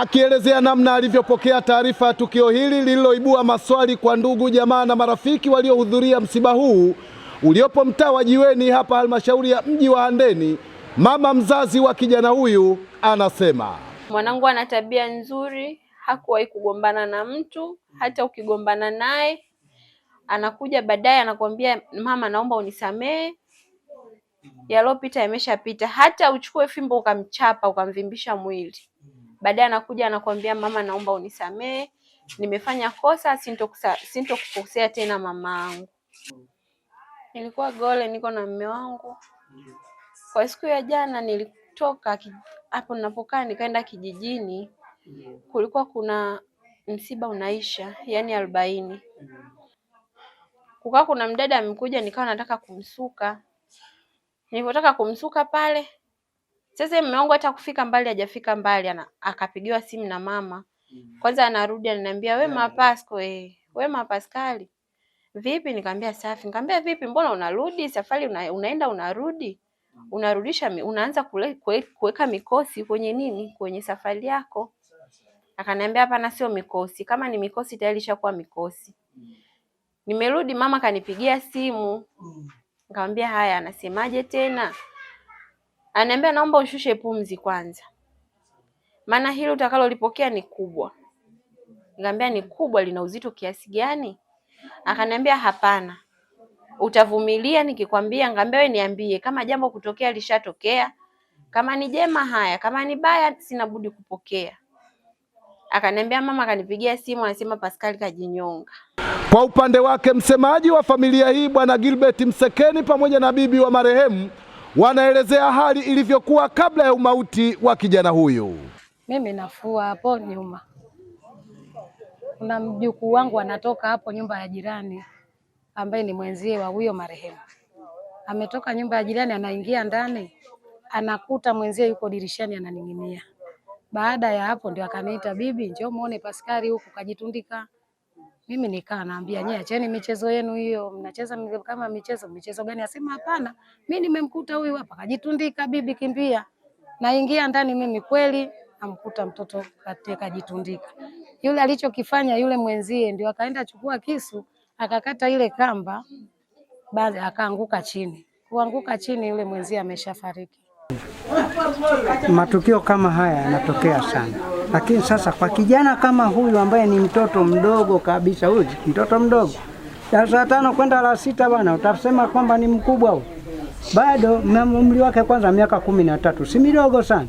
akielezea namna alivyopokea taarifa ya tukio hili lililoibua maswali kwa ndugu jamaa na marafiki waliohudhuria msiba huu uliopo mtaa wa Jiweni hapa halmashauri ya mji wa Handeni. Mama mzazi wa kijana huyu anasema, mwanangu ana tabia nzuri, hakuwahi kugombana na mtu, hata ukigombana naye anakuja baadaye anakuambia mama, naomba unisamehe, yalopita yameshapita. Hata uchukue fimbo ukamchapa ukamvimbisha mwili baadaye anakuja anakuambia, mama, naomba unisamehe, nimefanya kosa, sintokukosea tena mama angu Nilikuwa Gole, niko na mume wangu. Kwa siku ya jana nilitoka hapo ninapokaa nikaenda kijijini, kulikuwa kuna msiba unaisha, yaani arobaini. Kukaa kuna mdada amekuja, nikawa nataka kumsuka. Nilipotaka kumsuka pale sasa mume wangu hata kufika mbali hajafika mbali ana, akapigiwa simu na mama mm. kwanza, anarudi ananiambia Wema Pasco, eh, Wema Pascali vipi? Nikamwambia safi. Nikamwambia vipi, mbona unarudi safari una, unaenda unarudi mm. unarudisha unaanza kuweka mikosi kwenye nini kwenye safari yako? Akaniambia hapana, sio mikosi, kama ni mikosi tayari ishakuwa mikosi. Mm. Nimerudi mama kanipigia simu, nikamwambia haya, anasemaje tena? Ananiambia naomba ushushe pumzi kwanza, maana hili utakalolipokea ni kubwa. Nikamwambia ni kubwa, lina uzito kiasi gani? Akaniambia hapana, utavumilia nikikwambia. Ngambia wewe niambie, kama jambo kutokea lishatokea, kama ni jema haya, kama ni baya sina budi kupokea. Akaniambia mama akanipigia simu, anasema Pascal kajinyonga. Kwa upande wake msemaji wa familia hii Bwana Gilbert Msekeni pamoja na bibi wa marehemu wanaelezea hali ilivyokuwa kabla ya umauti wa kijana huyu. Mimi nafua hapo nyuma, kuna mjukuu wangu anatoka hapo nyumba ya jirani, ambaye ni mwenzie wa huyo marehemu. Ametoka nyumba ya jirani, anaingia ndani, anakuta mwenzie yuko dirishani ananing'inia. Baada ya hapo, ndio akaniita, bibi, njoo muone Paskari huku kajitundika mimi nikaa naambia nyie, acheni michezo yenu hiyo, mnacheza kama michezo. Michezo gani? Asema hapana, mimi nimemkuta huyu hapa kajitundika, bibi kimbia. Naingia ndani mimi kweli amkuta mtoto katika Yule alichokifanya yule mwenzie ndio akaenda chukua kisu akakata ile kamba, baada akaanguka chini. Kuanguka chini, yule mwenzie ameshafariki. Matukio kama haya yanatokea sana. Lakini sasa kwa kijana kama huyu ambaye ni mtoto mdogo kabisa, huyu mtoto mdogo darasa tano kwenda la sita, bwana, utasema kwamba ni mkubwa huyu bado. Umri wake kwanza miaka kumi na tatu, si midogo sana.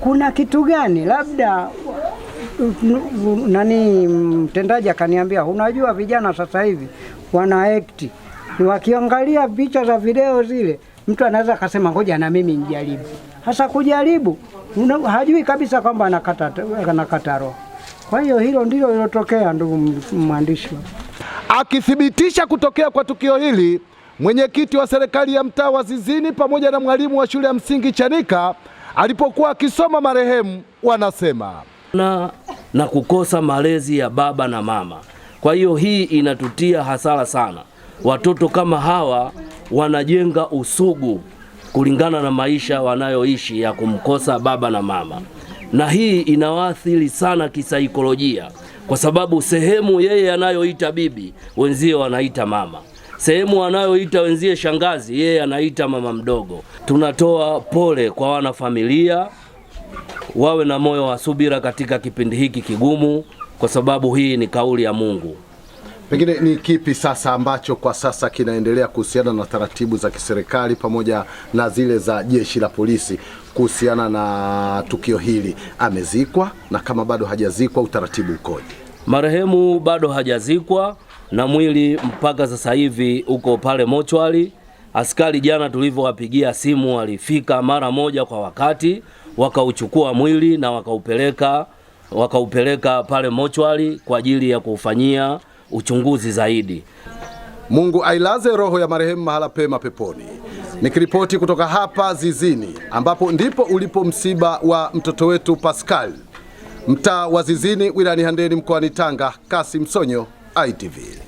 Kuna kitu gani labda nani mtendaji akaniambia, unajua vijana sasa hivi wana act, wakiangalia picha za video zile, mtu anaweza akasema ngoja na mimi nijaribu. Hasa kujaribu hajui kabisa kwamba anakata anakata roho. Kwa hiyo hilo ndilo lilotokea, ndugu mwandishi. Akithibitisha kutokea kwa tukio hili, mwenyekiti wa serikali ya mtaa wa Zizini pamoja na mwalimu wa shule ya msingi Chanika alipokuwa akisoma marehemu, wanasema na, na kukosa malezi ya baba na mama. Kwa hiyo hii inatutia hasara sana. Watoto kama hawa wanajenga usugu kulingana na maisha wanayoishi ya kumkosa baba na mama, na hii inawaathiri sana kisaikolojia, kwa sababu sehemu yeye anayoita bibi wenzie wanaita mama, sehemu anayoita wenzie shangazi yeye anaita mama mdogo. Tunatoa pole kwa wanafamilia, wawe na moyo wa subira katika kipindi hiki kigumu, kwa sababu hii ni kauli ya Mungu. Pengine ni kipi sasa ambacho kwa sasa kinaendelea kuhusiana na taratibu za kiserikali pamoja na zile za jeshi la polisi kuhusiana na tukio hili? Amezikwa na kama bado hajazikwa, utaratibu ukoje? Marehemu bado hajazikwa na mwili mpaka sasa hivi uko pale mochwali Askari jana tulivyowapigia simu walifika mara moja kwa wakati, wakauchukua mwili na wakaupeleka wakaupeleka pale mochwali kwa ajili ya kuufanyia uchunguzi zaidi. Mungu ailaze roho ya marehemu mahala pema peponi. Nikiripoti kutoka hapa Zizini, ambapo ndipo ulipo msiba wa mtoto wetu Pascal, mtaa wa Zizini, wilayani Handeni, mkoani Tanga. Kasim Sonyo, ITV.